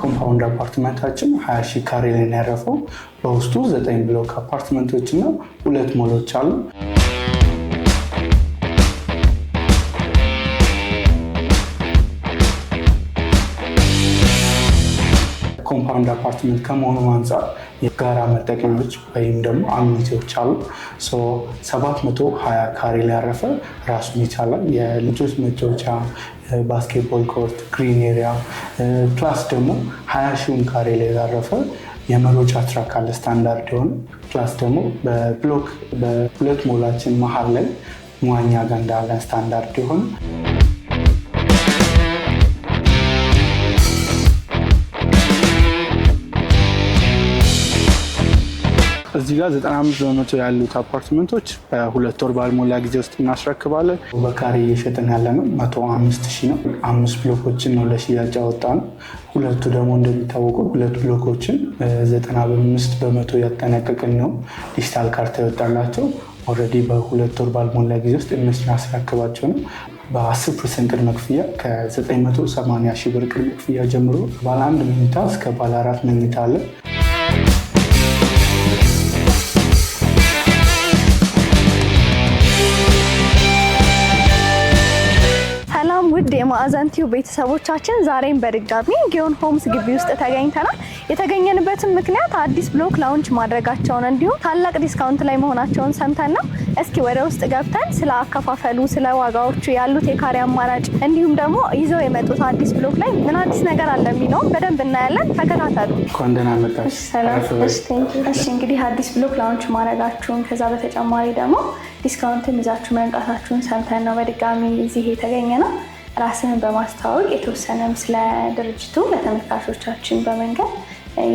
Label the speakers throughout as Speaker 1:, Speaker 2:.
Speaker 1: ኮምፓውንድ አፓርትመንታችን ሀያ ሺ ካሬ ላይ ያረፈው። በውስጡ ዘጠኝ ብሎክ አፓርትመንቶች እና ሁለት ሞሎች አሉ። ኮምፓውንድ አፓርትመንት ከመሆኑ አንጻር የጋራ መጠቀሚያዎች ወይም ደግሞ አሚኒቲዎች አሉ። ሰባት መቶ ሀያ ካሬ ላይ ያረፈ ራሱን የቻለ የልጆች መጫወቻ፣ ባስኬትቦል ኮርት፣ ግሪን ኤሪያ ፕላስ ደግሞ ሀያ ሺውን ካሬ ላይ ያረፈ የመሮጫ ትራክ አለ ስታንዳርድ የሆነ ፕላስ ደግሞ በብሎክ በሁለት ሞላችን መሀል ላይ መዋኛ ገንዳ አለን ስታንዳርድ የሆነ እዚህ ጋር 95 በመቶ ያሉት አፓርትመንቶች በሁለት ወር ባልሞላ ጊዜ ውስጥ እናስረክባለን። በካሬ እየሸጥን ያለ ነው መቶ ሺህ ነው። አምስት ብሎኮችን ነው ለሽያጭ ያወጣ ነው። ሁለቱ ደግሞ እንደሚታወቀው ሁለት ብሎኮችን 95 በመቶ ያጠናቀቅን ነው። ዲጂታል ካርታ ይወጣላቸው ኦልሬዲ በሁለት ወር ባልሞላ ጊዜ ውስጥ እነሱ ያስረክባቸው ነው። በ10 ፐርሰንት ቅድመ ክፍያ ከ980 ሺህ ብር ቅድመ ክፍያ ጀምሮ ባለ አንድ መኝታ እስከ ባለ አራት መኝታ አለን።
Speaker 2: ሰላም ውድ የማዕዘን ቲዩብ ቤተሰቦቻችን ዛሬም በድጋሚ ጊዮን ሆምስ ግቢ ውስጥ ተገኝተናል። የተገኘንበትም ምክንያት አዲስ ብሎክ ላውንች ማድረጋቸውን እንዲሁም ታላቅ ዲስካውንት ላይ መሆናቸውን ሰምተን ነው። እስኪ ወደ ውስጥ ገብተን ስለ አከፋፈሉ፣ ስለ ዋጋዎቹ ያሉት የካሬ አማራጭ እንዲሁም ደግሞ ይዘው የመጡት አዲስ ብሎክ ላይ ምን አዲስ ነገር አለ የሚለውም በደንብ እናያለን። ተከታተሉ። እንኳን ደህና እንግዲህ አዲስ ብሎክ ላውንች ማድረጋችሁን ከዛ በተጨማሪ ደግሞ ዲስካውንትም ይዛችሁ መምጣታችሁን ሰምተን ነው በድጋሚ እዚህ የተገኘ ነው። ራስን በማስተዋወቅ የተወሰነም ስለ ድርጅቱ ለተመልካቾቻችን በመንገድ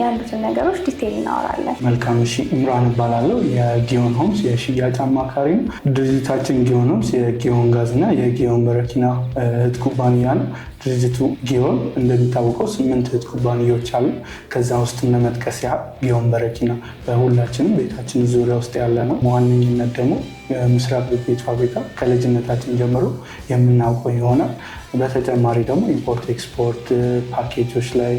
Speaker 2: ያሉትን ነገሮች ዲቴል እናወራለን። መልካም
Speaker 1: እሺ። ኢምራን እባላለሁ የጊዮን ሆምስ የሽያጭ አማካሪ ነው። ድርጅታችን ጊዮን ሆምስ የጊዮን ጋዝ እና የጊዮን በረኪና እህት ኩባንያ ነው። ድርጅቱ ጊዮን እንደሚታወቀው ስምንት እህት ኩባንያዎች አሉ። ከዛ ውስጥ ለመጥቀስ ያህል ጊዮን በረኪና በሁላችንም ቤታችን ዙሪያ ውስጥ ያለ ነው። በዋነኝነት ደግሞ ምስራቅ ቤት ፋብሪካ ከልጅነታችን ጀምሮ የምናውቀው ይሆናል። በተጨማሪ ደግሞ ኢምፖርት ኤክስፖርት ፓኬጆች ላይ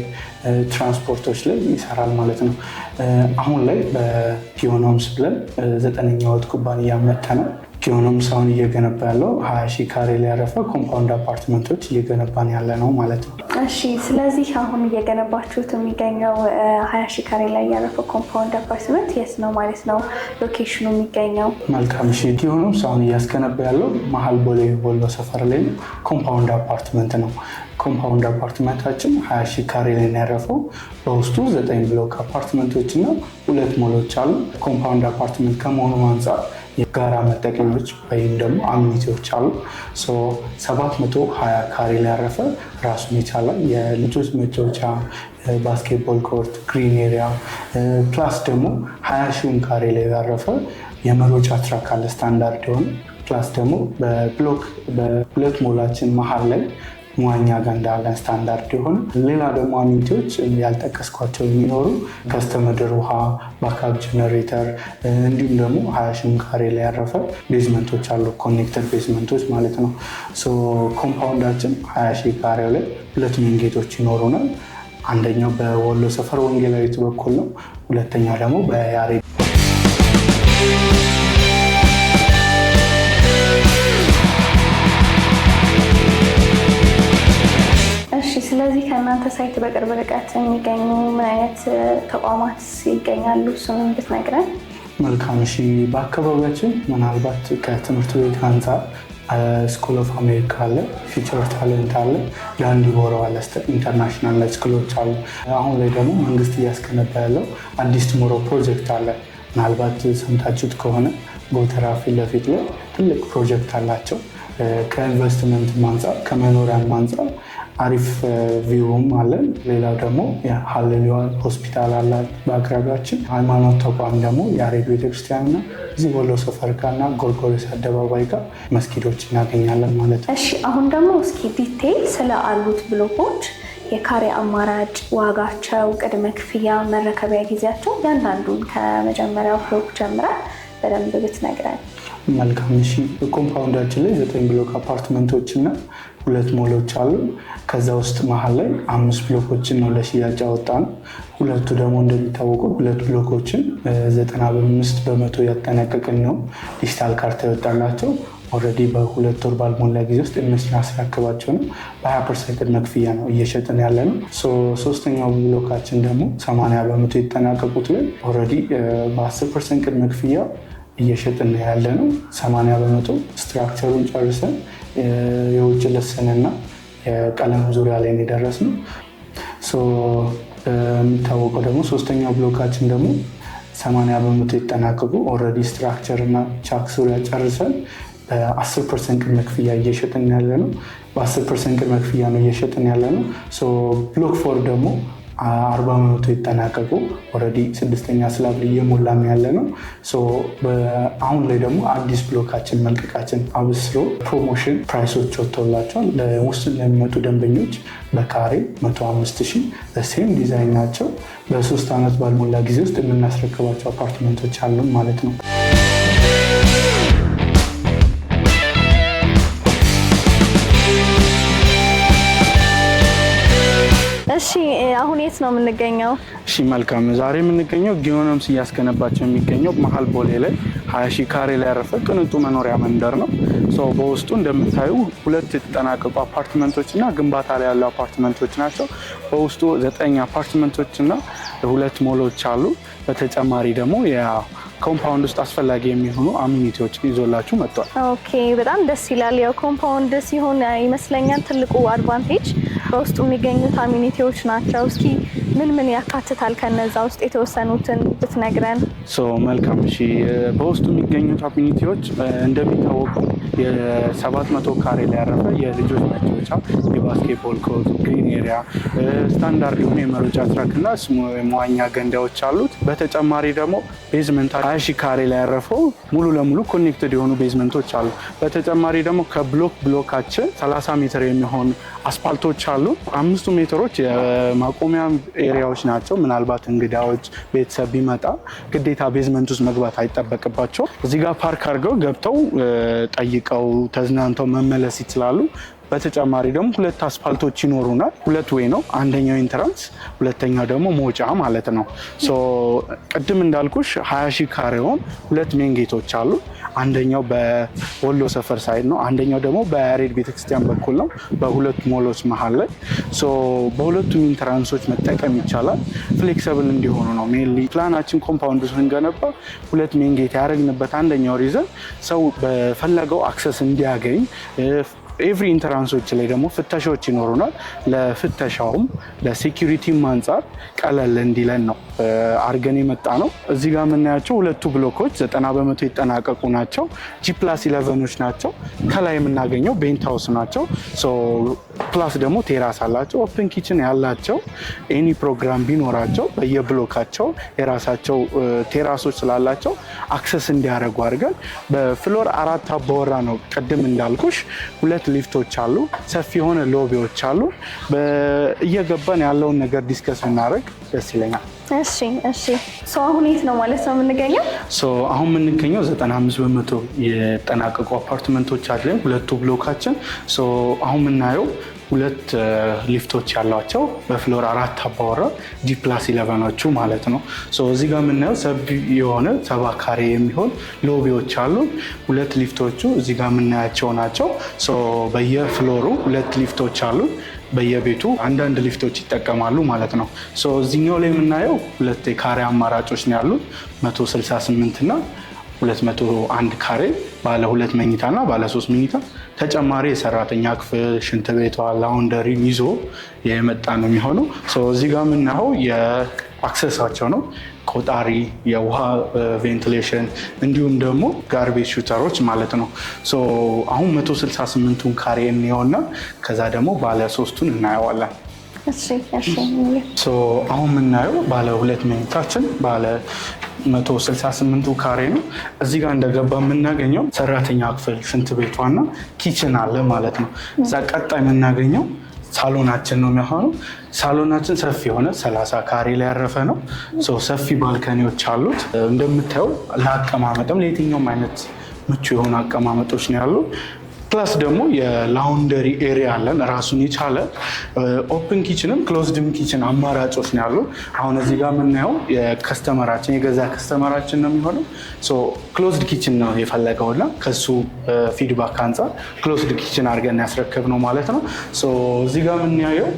Speaker 1: ትራንስፖርቶች ላይ ይሰራል ማለት ነው። አሁን ላይ በጊዮን ሆምስ ብለን ዘጠነኛ ወጥ ኩባንያ መተናል። የሆነም ሳሁን እየገነባ ያለው ሀያ ሺህ ካሬ ላይ ያረፈ ኮምፓውንድ አፓርትመንቶች እየገነባን ያለ ነው ማለት ነው። እሺ፣
Speaker 2: ስለዚህ አሁን እየገነባችሁት የሚገኘው ሀያ ሺህ ካሬ ላይ ያረፈ ኮምፓውንድ አፓርትመንት የት ነው ማለት ነው ሎኬሽኑ የሚገኘው? መልካም
Speaker 1: እሺ፣ የሆነም ሳሁን እያስገነባ ያለው መሀል ቦሌ ቦሎ ሰፈር ላይ ኮምፓውንድ አፓርትመንት ነው። ኮምፓውንድ አፓርትመንታችን ሀያ ሺህ ካሬ ላይ ያረፈው በውስጡ ዘጠኝ ብሎክ አፓርትመንቶች እና ሁለት ሞሎች አሉ። ኮምፓውንድ አፓርትመንት ከመሆኑ አንጻር የጋራ መጠቀሚያዎች ወይም ደግሞ አሚኒቲዎች አሉ። 720 ካሬ ላይ ያረፈ ራሱን የቻለ የልጆች መጫወቻ ባስኬትቦል ኮርት፣ ግሪን ኤሪያ ፕላስ ደግሞ ሀያ ሺውን ካሬ ላይ ያረፈ የመሮጫ ትራክ አለ ስታንዳርድ የሆነ ፕላስ ደግሞ በብሎክ ሞላችን መሀል ላይ መዋኛ ጋር እንዳለን ስታንዳርድ የሆነ ሌላ ደግሞ አሚኒቲዎች ያልጠቀስኳቸው የሚኖሩ ከስተመድር ውሃ ባካፕ ጀነሬተር እንዲሁም ደግሞ ሀያ ሺህ ካሬ ላይ ያረፈ ቤዝመንቶች አሉ ኮኔክተር ቤዝመንቶች ማለት ነው ኮምፓውንዳችን ሀያ ሺ ካሬ ላይ ሁለት መንጌቶች ይኖሩናል አንደኛው በወሎ ሰፈር ወንጌላዊት በኩል ነው ሁለተኛው ደግሞ በያሬ
Speaker 2: ከእናንተ ሳይት በቅርብ ርቀት የሚገኙ ምን አይነት ተቋማት ይገኛሉ? እሱን ብትነግረን።
Speaker 1: መልካም እሺ። በአካባቢያችን ምናልባት ከትምህርት ቤት አንጻር ስኩል ኦፍ አሜሪካ አለ፣ ፊቸር ታለንት አለ፣ ዳንዲቦሮ አለ፣ ኢንተርናሽናል ስኩሎች አሉ። አሁን ላይ ደግሞ መንግስት እያስገነባ ያለው አዲስ ቱሞሮ ፕሮጀክት አለ። ምናልባት ሰምታችሁት ከሆነ ጎተራ ፊት ለፊት ላይ ትልቅ ፕሮጀክት አላቸው። ከኢንቨስትመንት አንጻር ከመኖሪያም አንጻር አሪፍ ቪውም አለን። ሌላው ደግሞ ሀሌሉያ ሆስፒታል አላት በአቅራቢያችን። ሃይማኖት ተቋም ደግሞ የአሬድ ቤተክርስቲያንና እዚህ ወሎ ሰፈር ጋርና ጎልጎሎስ አደባባይ ጋር መስጊዶች እናገኛለን ማለት ነው። እሺ አሁን ደግሞ
Speaker 2: እስኪ ዲቴይል ስለ አሉት ብሎኮች የካሬ አማራጭ፣ ዋጋቸው፣ ቅድመ ክፍያ፣ መረከቢያ ጊዜያቸው እያንዳንዱን ከመጀመሪያው ብሎክ ጀምራል በደንብ ብትነግረን መልካም። እሺ
Speaker 1: ኮምፓውንዳችን ላይ ዘጠኝ ብሎክ አፓርትመንቶች እና ሁለት ሞሎች አሉ። ከዛ ውስጥ መሀል ላይ አምስት ብሎኮችን ነው ለሽያጭ ያወጣን። ሁለቱ ደግሞ እንደሚታወቀው ሁለት ብሎኮችን ዘጠና በአምስት በመቶ ያጠናቀቅን ነው። ዲጂታል ካርታ ይወጣላቸው ኦልሬዲ በሁለት ወር ባልሞላ ጊዜ ውስጥ እነሱን አስረክባቸው ነው። በ20 ፐርሰንት ቅድመ ክፍያ ነው እየሸጥን ያለ ነው። ሶስተኛው ብሎካችን ደግሞ 80 በመቶ የተጠናቀቁት ላይ ኦልሬዲ በ10 ፐርሰንት ቅድመ ክፍያ እየሸጥን ያለ ነው። ሰማንያ በመቶ ስትራክቸሩን ጨርሰን የውጭ ልስንና የቀለም ዙሪያ ላይ የደረስ ነው። የሚታወቀው ደግሞ ሶስተኛው ብሎካችን ደግሞ ሰማንያ በመቶ ይጠናቀቁ ኦልሬዲ ስትራክቸር እና ቻክ ዙሪያ ጨርሰን በአስር ፐርሰንት ቅድመ ክፍያ እየሸጥን ያለ ነው። በአስር ፐርሰንት ቅድመ ክፍያ ነው እየሸጥን ያለ ነው። ብሎክ ፎር ደግሞ አርባ በመቶ ይጠናቀቁ። ኦልሬዲ ስድስተኛ ስላብ እየሞላም ያለ ነው። አሁን ላይ ደግሞ አዲስ ብሎካችን መልቀቃችን አብስሮ ፕሮሞሽን ፕራይሶች ወጥቶላቸዋል። ለውስጥ ለሚመጡ ደንበኞች በካሬ 105 ሺህ በሴም ዲዛይን ናቸው። በሶስት ዓመት ባልሞላ ጊዜ ውስጥ የምናስረክባቸው አፓርትመንቶች አሉ ማለት ነው።
Speaker 2: እሺ አሁን የት ነው የምንገኘው? እሺ መልካም።
Speaker 1: ዛሬ የምንገኘው ጊዮኖምስ እያስገነባቸው የሚገኘው መሀል ቦሌ ላይ ሀያ ሺህ ካሬ ላይ ያረፈ ቅንጡ መኖሪያ መንደር ነው። ሰው በውስጡ እንደምታዩ ሁለት የተጠናቀቁ አፓርትመንቶች እና ግንባታ ላይ ያሉ አፓርትመንቶች ናቸው። በውስጡ ዘጠኝ አፓርትመንቶች እና ሁለት ሞሎች አሉ። በተጨማሪ ደግሞ ኮምፓውንድ ውስጥ አስፈላጊ የሚሆኑ አሚኒቲዎችን ይዞላችሁ መጥቷል። ኦኬ፣ በጣም ደስ
Speaker 2: ይላል። ያው ኮምፓውንድ ሲሆን ይመስለኛል ትልቁ አድቫንቴጅ በውስጡ የሚገኙት አሚኒቲዎች ናቸው። እስኪ ምን ምን ያካትታል? ከነዛ ውስጥ የተወሰኑትን ብትነግረን።
Speaker 1: መልካም። እሺ፣ በውስጡ የሚገኙት አሚኒቲዎች እንደሚታወቀው የሰባት መቶ ካሬ ላይ ያረፈ የልጆች መጫወቻ፣ የባስኬትቦል ኮርት፣ ግሪን ኤሪያ፣ ስታንዳርድ የሆነ የመሮጫ ትራክ እና መዋኛ ገንዳዎች አሉት። በተጨማሪ ደግሞ ቤዝመንት ሀያ ሺህ ካሬ ላይ ያረፈው ሙሉ ለሙሉ ኮኔክትድ የሆኑ ቤዝመንቶች አሉ። በተጨማሪ ደግሞ ከብሎክ ብሎካችን 30 ሜትር የሚሆን አስፓልቶች አሉ። አምስቱ ሜትሮች የማቆሚያ ኤሪያዎች ናቸው። ምናልባት እንግዳዎች ቤተሰብ ቢመጣ ግዴታ ቤዝመንት ውስጥ መግባት አይጠበቅባቸው። እዚህ ጋር ፓርክ አድርገው ገብተው ጠይቅ ተደንቀው ተዝናንተው መመለስ ይችላሉ። በተጨማሪ ደግሞ ሁለት አስፋልቶች ይኖሩናል። ሁለት ወይ ነው፣ አንደኛው ኢንትራንስ፣ ሁለተኛው ደግሞ መውጫ ማለት ነው። ቅድም እንዳልኩሽ ሀያ ሺህ ካሬውን ሁለት ሜን ጌቶች አሉ። አንደኛው በወሎ ሰፈር ሳይድ ነው፣ አንደኛው ደግሞ በያሬድ ቤተክርስቲያን በኩል ነው። በሁለቱ ሞሎች መሀል ላይ በሁለቱም ኢንትራንሶች መጠቀም ይቻላል። ፍሌክሰብል እንዲሆኑ ነው ሜንሊ ፕላናችን ኮምፓውንድ ስንገነባ ሁለት ሜን ጌት ያደረግንበት አንደኛው ሪዘን ሰው በፈለገው አክሰስ እንዲያገኝ ኤቭሪ ኢንተራንሶች ላይ ደግሞ ፍተሻዎች ይኖሩናል። ለፍተሻውም ለሴኪሪቲም አንጻር ቀለል እንዲለን ነው። አርገን የመጣ ነው። እዚህ ጋር የምናያቸው ሁለቱ ብሎኮች ዘጠና በመቶ ይጠናቀቁ ናቸው። ጂፕላስ ኢለቨኖች ናቸው። ከላይ የምናገኘው ቤንት ናቸው። ፕላስ ደግሞ ቴራስ አላቸው። ኦፕን ኪችን ያላቸው ኤኒ ፕሮግራም ቢኖራቸው በየብሎካቸው የራሳቸው ቴራሶች uh, ስላላቸው አክሰስ እንዲያደርጉ አድርገን በፍሎር አራት አባወራ ነው። ቅድም እንዳልኩሽ ሁለት ሊፍቶች አሉ። ሰፊ የሆነ ሎቢዎች አሉ። እየገባን ያለውን ነገር ዲስከስ ብናደርግ ደስ ይለኛል። እሺ
Speaker 2: እሺ። ሶ አሁን የት ነው ማለት ነው የምንገኘው?
Speaker 1: አሁን የምንገኘው 95 በመቶ የጠናቀቁ አፓርትመንቶች አለን ሁለቱ ብሎካችን። አሁን የምናየው ሁለት ሊፍቶች ያሏቸው በፍሎር አራት አባወራ ዲ ፕላስ ኢለቨኖቹ ማለት ነው። እዚህ ጋር የምናየው ሰብ የሆነ ሰባ ካሬ የሚሆን ሎቢዎች አሉ። ሁለት ሊፍቶቹ እዚህ ጋር የምናያቸው ናቸው። በየፍሎሩ ሁለት ሊፍቶች አሉ። በየቤቱ አንዳንድ ሊፍቶች ይጠቀማሉ ማለት ነው። እዚኛው ላይ የምናየው ሁለት የካሬ አማራጮች ነው ያሉት 168 እና 201 ካሬ ባለ ሁለት መኝታ እና ባለ ሶስት መኝታ ተጨማሪ የሰራተኛ ክፍል ሽንት ቤቷ ላውንደሪን ይዞ የመጣ ነው የሚሆነው። እዚህ ጋር የምናየው የአክሰሳቸው ነው ቆጣሪ፣ የውሃ ቬንቲሌሽን እንዲሁም ደግሞ ጋርቤጅ ሹተሮች ማለት ነው። አሁን 168ቱን ካሬ እንየውና ከዛ ደግሞ ባለ ሶስቱን እናየዋለን። አሁን የምናየው ባለ ሁለት መኝታችን ባለ 168ቱ ካሬ ነው። እዚህ ጋር እንደገባ የምናገኘው ሰራተኛ ክፍል ሽንት ቤቷና ኪችን አለ ማለት ነው። እዛ ቀጣይ የምናገኘው ሳሎናችን ነው የሚሆነው። ሳሎናችን ሰፊ የሆነ ሰላሳ ካሬ ላይ ያረፈ ነው። ሰፊ ባልከኒዎች አሉት። እንደምታየው ለአቀማመጥም ለየትኛውም አይነት ምቹ የሆኑ አቀማመጦች ነው ያሉ። ፕላስ ደግሞ የላውንደሪ ኤሪያ አለን ራሱን የቻለ ኦፕን ኪችንም ክሎዝድም ኪችን አማራጮች ነው ያሉ። አሁን እዚህ ጋር የምናየው የከስተመራችን የገዛ ከስተመራችን ነው የሚሆነው። ክሎዝድ ኪችን ነው የፈለገውና ከሱ ፊድባክ አንጻር ክሎዝድ ኪችን አድርገን ያስረከብ ነው ማለት ነው። እዚህ ጋር የምናየው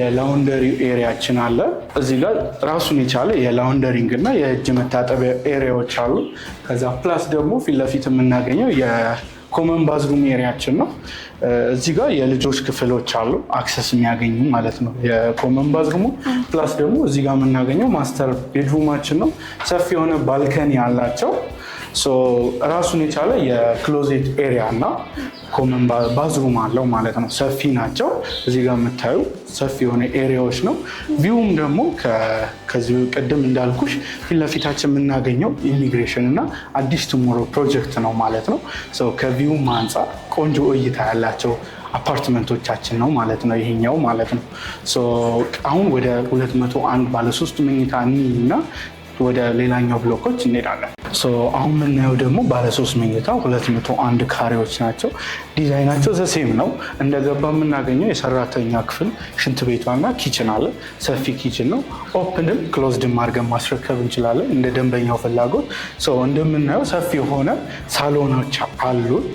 Speaker 1: የላውንደሪ ኤሪያችን አለ። እዚህ ጋር ራሱን የቻለ የላውንደሪንግ እና የእጅ መታጠቢያ ኤሪያዎች አሉ። ከዛ ፕላስ ደግሞ ፊት ለፊት የምናገኘው ኮመን ባዝሩም ኤሪያችን ነው። እዚህ ጋር የልጆች ክፍሎች አሉ አክሰስ የሚያገኙ ማለት ነው። የኮመን ባዝሩሙ ፕላስ ደግሞ እዚህ ጋር የምናገኘው ማስተር ቤድሩማችን ነው። ሰፊ የሆነ ባልከኒ አላቸው። ራሱን የቻለ የክሎዜት ኤሪያ እና ኮመን ባዝሩም አለው ማለት ነው። ሰፊ ናቸው። እዚህ ጋር የምታዩ ሰፊ የሆነ ኤሪያዎች ነው። ቪውም ደግሞ ከዚህ ቅድም እንዳልኩሽ ፊት ለፊታችን የምናገኘው ኢሚግሬሽን እና አዲስ ትሞሮ ፕሮጀክት ነው ማለት ነው። ከቪውም አንጻር ቆንጆ እይታ ያላቸው አፓርትመንቶቻችን ነው ማለት ነው። ይሄኛው ማለት ነው። አሁን ወደ 201 ባለሶስት መኝታ ኒ እና ወደ ሌላኛው ብሎኮች እንሄዳለን። አሁን የምናየው ደግሞ ባለሶስት መኝታ 201 ካሬዎች ናቸው። ዲዛይናቸው ዘሴም ነው። እንደገባ የምናገኘው የሰራተኛ ክፍል ሽንት ቤቷና ኪችን አለ። ሰፊ ኪችን ነው። ኦፕንም ክሎዝድም አድርገን ማስረከብ እንችላለን እንደ ደንበኛው ፍላጎት። እንደምናየው ሰፊ የሆነ ሳሎኖች አሉን።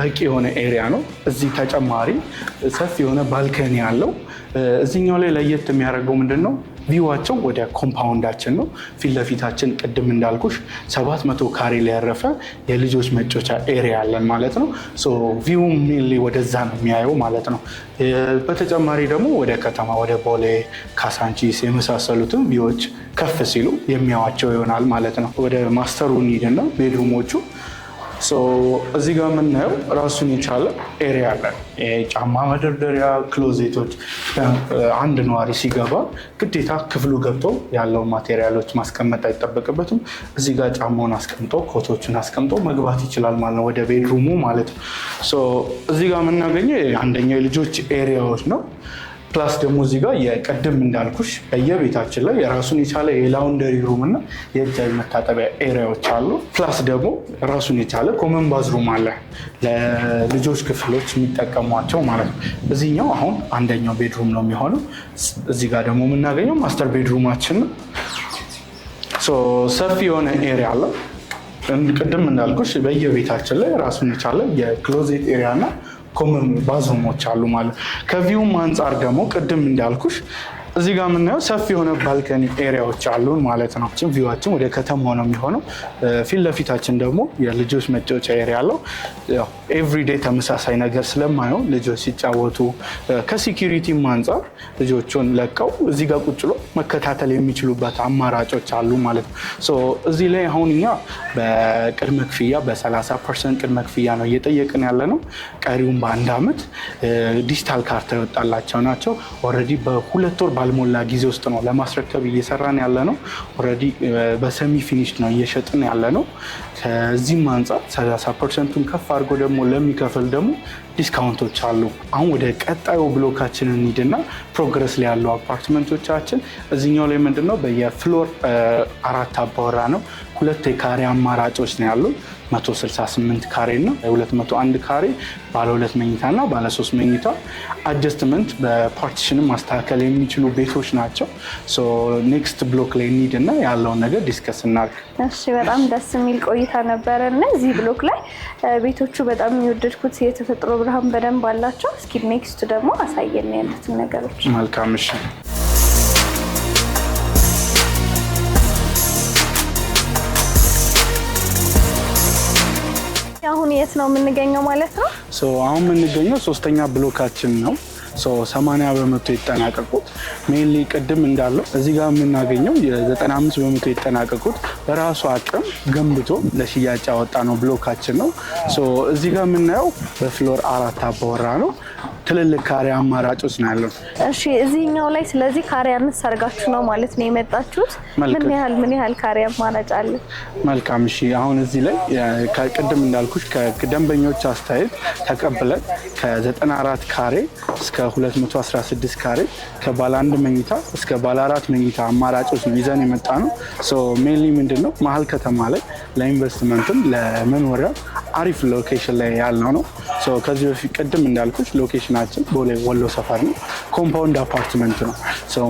Speaker 1: በቂ የሆነ ኤሪያ ነው። እዚህ ተጨማሪ ሰፊ የሆነ ባልከኒ አለው። እዚኛው ላይ ለየት የሚያደርገው ምንድን ነው? ቪዋቸው ወደ ኮምፓውንዳችን ነው። ፊት ለፊታችን ቅድም እንዳልኩሽ ሰባት መቶ ካሬ ሊያረፈ የልጆች መጫወቻ ኤሪያ አለን ማለት ነው። ቪው ሜንሊ ወደዛ ነው የሚያየው ማለት ነው። በተጨማሪ ደግሞ ወደ ከተማ ወደ ቦሌ፣ ካሳንቺስ የመሳሰሉትን ቪዎች ከፍ ሲሉ የሚያዋቸው ይሆናል ማለት ነው። ወደ ማስተሩ ኒድ ነው ቤድሩሞቹ እዚህ ጋር የምናየው ራሱን የቻለ ኤሪያ አለ። ጫማ መደርደሪያ፣ ክሎዜቶች። አንድ ነዋሪ ሲገባ ግዴታ ክፍሉ ገብቶ ያለውን ማቴሪያሎች ማስቀመጥ አይጠበቅበትም። እዚህ ጋር ጫማውን አስቀምጦ ኮቶችን አስቀምጦ መግባት ይችላል ማለት ነው፣ ወደ ቤድሩሙ ማለት ነው። እዚህ ጋር የምናገኘው አንደኛው የልጆች ኤሪያዎች ነው። ፕላስ ደግሞ እዚህ ጋር የቅድም እንዳልኩሽ በየቤታችን ላይ የራሱን የቻለ የላውንደሪ ሩም እና የእጃዊ መታጠቢያ ኤሪያዎች አሉ። ፕላስ ደግሞ ራሱን የቻለ ኮመን ባዝሩም አለ፣ ለልጆች ክፍሎች የሚጠቀሟቸው ማለት ነው። እዚኛው አሁን አንደኛው ቤድሩም ነው የሚሆነው። እዚህ ጋር ደግሞ የምናገኘው ማስተር ቤድሩማችን ነው። ሰፊ የሆነ ኤሪያ አለው። ቅድም እንዳልኩሽ በየቤታችን ላይ ራሱን የቻለ የክሎዜት ኤሪያ እና ኮመን ባዝሩሞች አሉ ማለት ከቪውም አንጻር ደግሞ ቅድም እንዳልኩሽ እዚህ ጋር የምናየው ሰፊ የሆነ ባልከኒ ኤሪያዎች አሉን ማለት ነው። ቪዋችን ወደ ከተማ ነው የሚሆነው። ፊት ለፊታችን ደግሞ የልጆች መጫወቻ ኤሪያ አለው። ኤቭሪዴይ ተመሳሳይ ነገር ስለማየው ልጆች ሲጫወቱ ከሲኪሪቲም አንጻር ልጆቹን ለቀው እዚህ ጋር ቁጭ መከታተል የሚችሉበት አማራጮች አሉ ማለት ነው። እዚህ ላይ አሁን እኛ በቅድመ ክፍያ በ30 ፐርሰንት ቅድመ ክፍያ ነው እየጠየቅን ያለ ነው። ቀሪውን በአንድ አመት ዲጂታል ካርታ ይወጣላቸው ናቸው። ኦልሬዲ በሁለት ወር ባልሞላ ጊዜ ውስጥ ነው ለማስረከብ እየሰራን ያለ ነው። ኦልሬዲ በሰሚ ፊኒሽ ነው እየሸጥን ያለ ነው። ከዚህም አንጻር 30 ፐርሰንቱን ከፍ አድርጎ ደግሞ ለሚከፍል ደግሞ ዲስካውንቶች አሉ። አሁን ወደ ቀጣዩ ብሎካችን እንሂድና ፕሮግረስ ላይ ያሉ አፓርትመንቶቻችን እዚኛው ላይ ምንድነው በየፍሎር አራት አባወራ ነው። ሁለት የካሬ አማራጮች ነው ያሉ 168 ካሬ እና 201 ካሬ ባለ ሁለት መኝታ እና ባለ ሶስት መኝታ አጀስትመንት በፓርቲሽንም ማስተካከል የሚችሉ ቤቶች ናቸው። ኔክስት ብሎክ ላይ እንሂድ እና ያለውን ነገር ዲስከስ እናርግ። እሺ፣
Speaker 2: በጣም ደስ የሚል ቆይታ ነበረ እና እዚህ ብሎክ ላይ ቤቶቹ በጣም የሚወደድኩት የተፈጥሮ ብርሃን በደንብ አላቸው። እስኪ ኔክስቱ ደግሞ አሳየን ያሉትን ነገሮች። መልካም እሺ። አሁን የት ነው የምንገኘው ማለት ነው?
Speaker 1: አሁን የምንገኘው ሶስተኛ ብሎካችን ነው። ሰማንያ በመቶ የተጠናቀቁት ሜንሊ ቅድም እንዳለው እዚህ ጋር የምናገኘው የ95 በመቶ የተጠናቀቁት በራሱ አቅም ገንብቶ ለሽያጭ ያወጣ ነው ብሎካችን ነው። እዚህ ጋር የምናየው በፍሎር አራት አባወራ ነው። ትልልቅ ካሬ አማራጮች ነው ያለው። እሺ
Speaker 2: እዚህኛው ላይ ስለዚህ ካሬ አምስት ነው ማለት ነው የመጣችሁት? ምን ያህል ምን ያህል ካሬ አማራጭ አለ? መልካም። እሺ አሁን
Speaker 1: እዚህ ላይ ቅድም እንዳልኩሽ ከደንበኞች አስተያየት ተቀብለን ከ94 ካሬ እስከ 216 ካሬ ከባለ አንድ መኝታ እስከ ባለ አራት መኝታ አማራጮች ነው ይዘን የመጣ ነው። ሜንሊ ምንድን ነው መሀል ከተማ ላይ ለኢንቨስትመንትም ለመኖሪያ አሪፍ ሎኬሽን ላይ ያልነው ነው። ከዚህ በፊት ቅድም እንዳልኩች ሎኬሽናችን ወሎ ሰፈር ነው። ኮምፓውንድ አፓርትመንት ነው።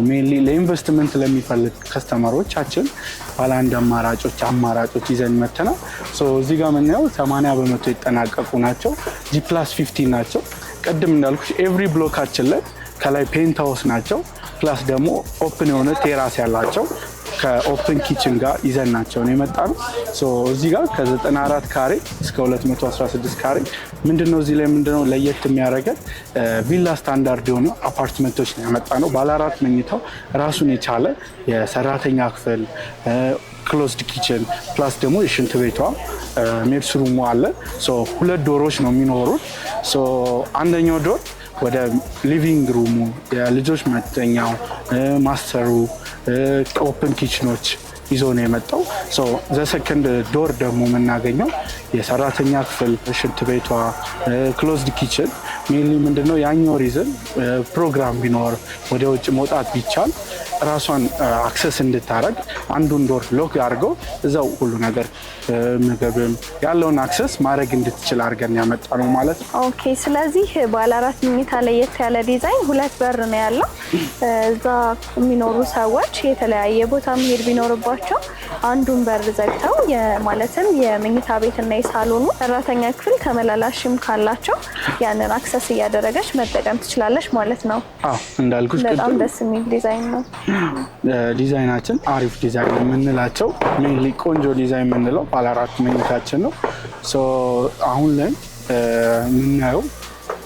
Speaker 1: ሜንሊ ለኢንቨስትመንት ለሚፈልግ ከስተመሮቻችን ባለአንድ አማራጮች አማራጮች ይዘን መተናል። እዚህ ጋር የምናየው 80 በመቶ የጠናቀቁ ናቸው። ጂ ፕላስ ፊፍቲ ናቸው። ቅድም እንዳልኩች ኤቭሪ ብሎካችን ላይ ከላይ ፔንታውስ ናቸው። ፕላስ ደግሞ ኦፕን የሆነ ቴራስ ያላቸው ከኦፕን ኪችን ጋር ናቸው ነው የመጣ ነው። እዚህ ጋር ከ94 ካሬ እስከ 216 ካሬ ምንድነው እዚህ ላይ ምንድነው ለየት የሚያደርገን ቪላ ስታንዳርድ የሆኑ አፓርትመንቶች ነው ያመጣ ነው። ባለአራት መኝታው ራሱን የቻለ የሰራተኛ ክፍል ክሎዝድ ኪችን ፕላስ ደግሞ የሽንት ቤቷ ሜድስ ሩሙ አለ። ሁለት ዶሮች ነው የሚኖሩት። አንደኛው ዶር ወደ ሊቪንግ ሩሙ የልጆች መተኛው ማስተሩ ኦፕን ኪችኖች ይዞ ነው የመጣው። ዘሰከንድ ዶር ደግሞ የምናገኘው የሰራተኛ ክፍል፣ ሽንት ቤቷ፣ ክሎዝድ ኪችን ሜንሊ ምንድነው ያኛው ሪዝን ፕሮግራም ቢኖር ወደ ውጭ መውጣት ቢቻል ራሷን አክሰስ እንድታረግ አንዱን ዶር ሎክ አድርገው እዛው ሁሉ ነገር ምግብም ያለውን አክሰስ ማድረግ እንድትችል አድርገን ያመጣ ነው ማለት ነው። ኦኬ።
Speaker 2: ስለዚህ ባለአራት መኝታ ለየት ያለ ዲዛይን ሁለት በር ነው ያለው። እዛ የሚኖሩ ሰዎች የተለያየ ቦታ መሄድ ቢኖርባቸው አንዱን በር ዘግተው ማለትም የመኝታ ቤትና የሳሎኑ ሰራተኛ ክፍል ተመላላሽም ካላቸው ያንን አክሰስ እያደረገች መጠቀም ትችላለች ማለት ነው። እንዳልኩሽ በጣም ደስ የሚል ዲዛይን ነው።
Speaker 1: ዲዛይናችን አሪፍ ዲዛይን የምንላቸው ሜንሊ ቆንጆ ዲዛይን የምንለው ባለ አራት መኝታችን ነው። አሁን ላይ የምናየው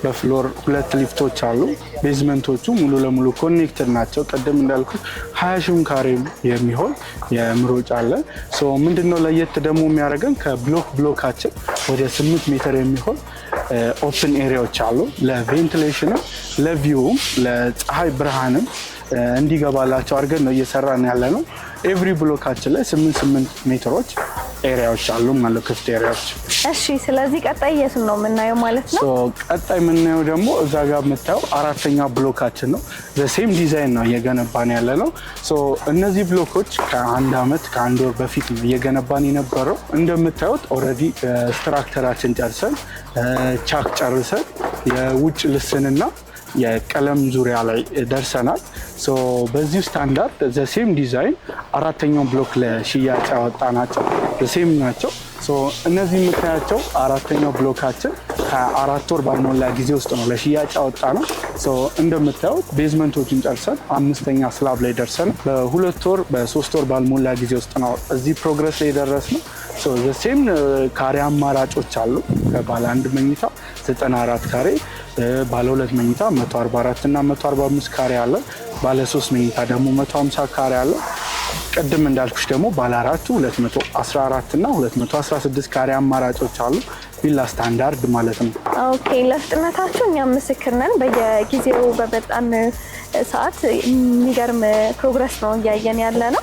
Speaker 1: በፍሎር ሁለት ሊፍቶች አሉ። ቤዝመንቶቹ ሙሉ ለሙሉ ኮኔክትድ ናቸው። ቅድም እንዳልኩት ሀያ ሺህ ካሬ የሚሆን የምሮጫ አለ። ምንድነው ለየት ደግሞ የሚያደርገን ከብሎክ ብሎካችን ወደ ስምንት ሜትር የሚሆን ኦፕን ኤሪያዎች አሉ። ለቬንቲሌሽንም፣ ለቪውም፣ ለፀሐይ ብርሃንም እንዲገባላቸው አድርገን ነው እየሰራን ያለ ነው። ኤቭሪ ብሎካችን ላይ ስምንት ስምንት ሜትሮች ኤሪያዎች አሉ ማለት ክፍት ኤሪያዎች።
Speaker 2: እሺ፣ ስለዚህ ቀጣይ የቱን ነው የምናየው ማለት ነው?
Speaker 1: ቀጣይ የምናየው ደግሞ እዛ ጋር የምታየው አራተኛ ብሎካችን ነው። ዘሴም ዲዛይን ነው እየገነባን ያለ ነው። እነዚህ ብሎኮች ከአንድ አመት ከአንድ ወር በፊት ነው እየገነባን የነበረው። እንደምታዩት ኦልሬዲ ስትራክተራችን uh, ጨርሰን uh, ቻክ ጨርሰን የውጭ ልስንና የቀለም ዙሪያ ላይ ደርሰናል። በዚህ ስታንዳርድ ዘሴም ዲዛይን አራተኛው ብሎክ ለሽያጭ ያወጣ ናቸው ዘሴም ናቸው። እነዚህ የምታያቸው አራተኛው ብሎካችን ከአራት ወር ባልሞላ ጊዜ ውስጥ ነው ለሽያጭ ያወጣ ነው። እንደምታዩት ቤዝመንቶችን ጨርሰን አምስተኛ ስላብ ላይ ደርሰን በሁለት ወር በሶስት ወር ባልሞላ ጊዜ ውስጥ ነው እዚህ ፕሮግረስ ላይ ደረስ ነው። ዘሴም ካሬ አማራጮች አሉ። ባለ አንድ መኝታ 94 ካሬ፣ ባለ ሁለት መኝታ 144 እና 145 ካሬ አለን። ባለ 3 መኝታ ደግሞ 150 ካሬ አለው። ቅድም እንዳልኩሽ ደግሞ ባለ አራቱ 214 እና 216 ካሬ አማራጮች አሉ። ቪላ ስታንዳርድ ማለት ነው። ኦኬ ለፍጥነታችሁ እኛም
Speaker 2: ምስክር ነን። በየጊዜው በመጣን ሰዓት የሚገርም ፕሮግረስ ነው እያየን ያለ ነው።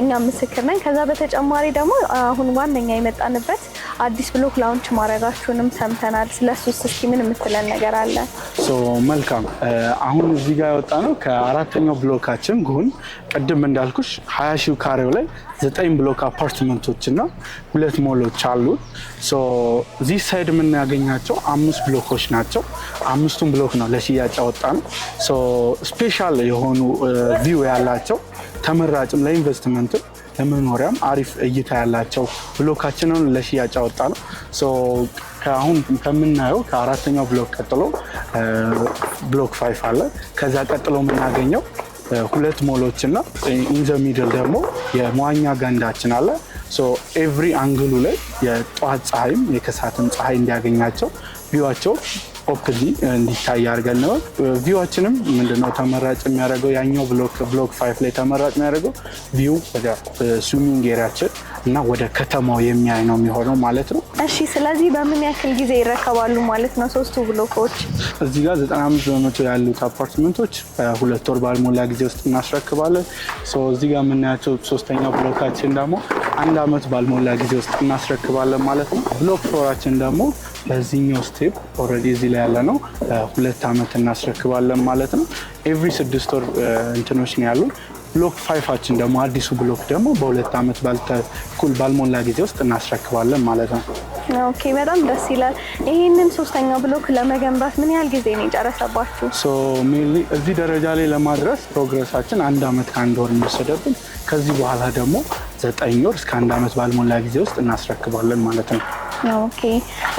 Speaker 2: እኛም ምስክር ነን። ከዛ በተጨማሪ ደግሞ አሁን ዋነኛ የመጣንበት አዲስ ብሎክ ላውንች ማድረጋችሁንም ሰምተናል። ስለሱ እስኪ ምን የምትለን ነገር አለ?
Speaker 1: መልካም። አሁን እዚህ ጋር የወጣ ነው ከአራተኛው ብሎካችን ጉን ቅድም እንዳልኩሽ ሀያ ሺው ካሬው ላይ ዘጠኝ ብሎክ አፓርትመንቶች እና ሁለት ሞሎች አሉ። እዚህ ሳይድ የምናገኛቸው አምስት ብሎኮች ናቸው። አምስቱን ብሎክ ነው ለሽያጭ ያወጣ ነው። ስፔሻል የሆኑ ቪው ያላቸው ተመራጭም ለኢንቨስትመንትም ለመኖሪያም አሪፍ እይታ ያላቸው ብሎካችንን ለሽያጭ ያወጣ ነው። አሁን ከምናየው ከአራተኛው ብሎክ ቀጥሎ ብሎክ ፋይፍ አለ። ከዛ ቀጥሎ የምናገኘው ሁለት ሞሎች እና ኢንዘ ሚድል ደግሞ የመዋኛ ገንዳችን አለ። ኤቭሪ አንግሉ ላይ የጠዋት ፀሐይም የከሳትም ፀሐይ እንዲያገኛቸው ቪዋቸው ኦፕሊ እንዲታይ አድርገን ነው። ቪዋችንም ምንድነው ተመራጭ የሚያደርገው ያኛው ብሎክ ፋይቭ ላይ ተመራጭ የሚያደርገው ቪው ወደ ስዊሚንግ ኤሪያችን እና ወደ ከተማው የሚያይ ነው የሚሆነው ማለት ነው።
Speaker 2: እሺ፣ ስለዚህ በምን ያክል ጊዜ ይረከባሉ ማለት ነው ሶስቱ ብሎኮች? እዚህ ጋር 95
Speaker 1: በመቶ ያሉት አፓርትመንቶች በሁለት ወር ባልሞላ ጊዜ ውስጥ እናስረክባለን። እዚህ ጋር የምናያቸው ሶስተኛው ብሎካችን ደግሞ አንድ አመት ባልሞላ ጊዜ ውስጥ እናስረክባለን ማለት ነው። ብሎክ ፎራችን ደግሞ በዚህኛው ስቴፕ ኦልሬዲ እዚህ ላይ ያለ ነው። ሁለት አመት እናስረክባለን ማለት ነው። ኤቭሪ ስድስት ወር እንትኖች ነው ያሉን ብሎክ ፋይፋችን ደግሞ አዲሱ ብሎክ ደግሞ በሁለት ዓመት ባልተኩል ባልሞላ ጊዜ ውስጥ እናስረክባለን ማለት ነው።
Speaker 2: ኦኬ በጣም ደስ ይላል። ይህንን ሶስተኛው ብሎክ ለመገንባት ምን ያህል ጊዜ ነው የጨረሰባችሁ?
Speaker 1: እዚህ ደረጃ ላይ ለማድረስ ፕሮግረሳችን አንድ ዓመት ከአንድ ወር የሚወሰደብን ከዚህ በኋላ ደግሞ ዘጠኝ ወር እስከ አንድ ዓመት ባልሞላ ጊዜ ውስጥ እናስረክባለን ማለት ነው።
Speaker 2: ነው። ኦኬ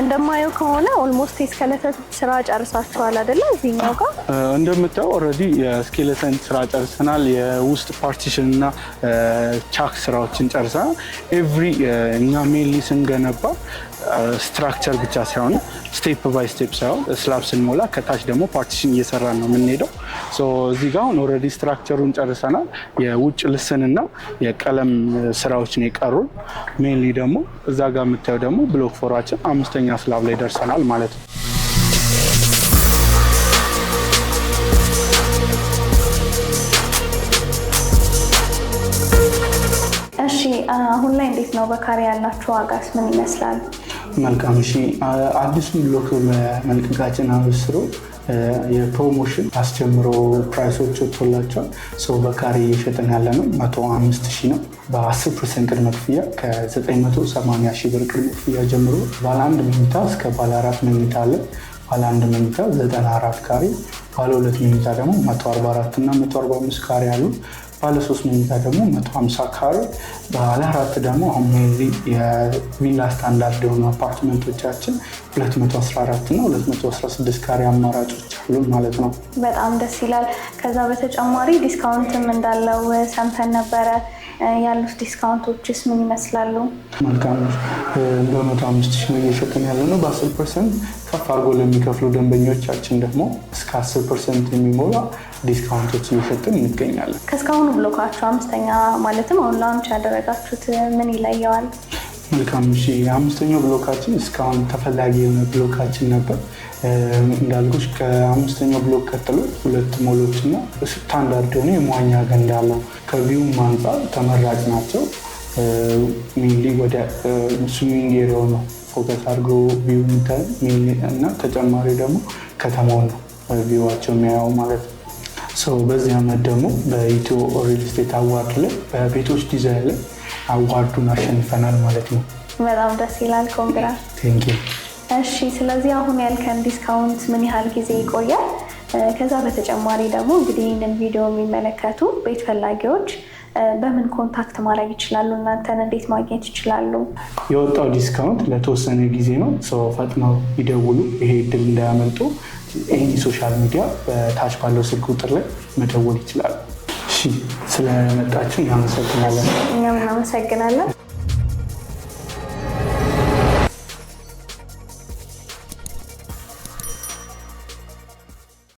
Speaker 2: እንደማየው ከሆነ ኦልሞስት የስኬለተን ስራ ጨርሳችኋል አይደለ? እዚህኛው ጋር
Speaker 1: እንደምታየው ኦልሬዲ የስኬለተን ስራ ጨርሰናል። የውስጥ ፓርቲሽን እና ቻክ ስራዎችን ጨርሰናል። ኤቭሪ እኛ ሜንሊ ስንገነባ ስትራክቸር ብቻ ሳይሆን ስቴፕ ባይ ስቴፕ ሳይሆን ስላብ ስንሞላ ከታች ደግሞ ፓርቲሽን እየሰራ ነው የምንሄደው። እዚህ ጋር አሁን ኦልሬዲ ስትራክቸሩን ጨርሰናል። የውጭ ልስንና የቀለም ስራዎችን የቀሩን ሜንሊ ደግሞ እዛ ጋር የምታየው ደግሞ ብሎክ ፎርፎራችን አምስተኛ ስላብ ላይ ደርሰናል ማለት ነው።
Speaker 2: እሺ አሁን ላይ እንዴት ነው በካሬ ያላችሁ ዋጋስ ምን ይመስላል?
Speaker 1: መልካም እሺ አዲሱን ብሎክ መልቀቃችን አበስሮ የፕሮሞሽን አስጀምሮ ፕራይሶች ወጥቶላቸዋል። ሰው በካሬ እየሸጠን ያለ ነው መቶ አምስት ሺህ ነው በ10 ፐርሰንት ቅድመ ክፍያ ከ980 ሺህ ብር ቅድመ ክፍያ ጀምሮ ባለ አንድ መኝታ እስከ ባለ አራት መኝታ አለ። ባለ አንድ መኝታ 94 ካሬ፣ ባለ ሁለት መኝታ ደግሞ 144 እና 145 ካሬ አሉ። ባለ ሶስት መኝታ ደግሞ 150 ካሬ፣ ባለ አራት ደግሞ አሁን የቪላ ስታንዳርድ የሆኑ አፓርትመንቶቻችን 214 እና 216 ካሬ አማራጮች አሉ
Speaker 2: ማለት ነው። በጣም ደስ ይላል። ከዛ በተጨማሪ ዲስካውንትም እንዳለው ሰምተን ነበረ። ያሉት ዲስካውንቶችስ ምን ይመስላሉ?
Speaker 1: መልካም በመቶ አምስት ሺ ነው እየሸጥን ያለ ነው። በ10 ፐርሰንት ከፍ አድርጎ ለሚከፍሉ ደንበኞቻችን ደግሞ እስከ 10 ፐርሰንት የሚሞላ ዲስካውንቶች እየሸጥን
Speaker 2: እንገኛለን። ከእስካሁኑ ብሎካችሁ አምስተኛ ማለትም አሁን ላንች ያደረጋችሁት ምን ይለየዋል?
Speaker 1: መልካም እሺ፣ አምስተኛው ብሎካችን እስካሁን ተፈላጊ የሆነ ብሎካችን ነበር። እንዳልኩሽ ከአምስተኛው ብሎክ ቀጥሎ ሁለት ሞሎች እና ስታንዳርድ የሆነ የመዋኛ ገንዳ አለው። ከቪውም አንጻር ተመራጭ ናቸው። ሚንሊ ወደ ስዊሚንግ ኤሪያው ነው ፎከስ አድርገው ቪው እና ተጨማሪ ደግሞ ከተማው ነው ቪዋቸው የሚያየው ማለት ነው። ሰው በዚህ ዓመት ደግሞ በኢትዮ ሪል ስቴት አዋርድ ላይ በቤቶች ዲዛይን ላይ አዋርዱን አሸንፈናል
Speaker 2: ማለት ነው። በጣም ደስ ይላል። ኮንግራ እሺ፣ ስለዚህ አሁን ያልከን ዲስካውንት ምን ያህል ጊዜ ይቆያል? ከዛ በተጨማሪ ደግሞ እንግዲህ ይህንን ቪዲዮ የሚመለከቱ ቤት ፈላጊዎች በምን ኮንታክት ማድረግ ይችላሉ? እናንተን እንዴት ማግኘት ይችላሉ?
Speaker 1: የወጣው ዲስካውንት ለተወሰነ ጊዜ ነው። ሰው ፈጥነው ይደውሉ፣ ይሄ እድል እንዳያመልጡ። ይህን ሶሻል ሚዲያ በታች ባለው ስልክ ቁጥር ላይ መደወል ይችላሉ። ስለመጣችሁ እናመሰግናለን።
Speaker 2: እኛም እናመሰግናለን።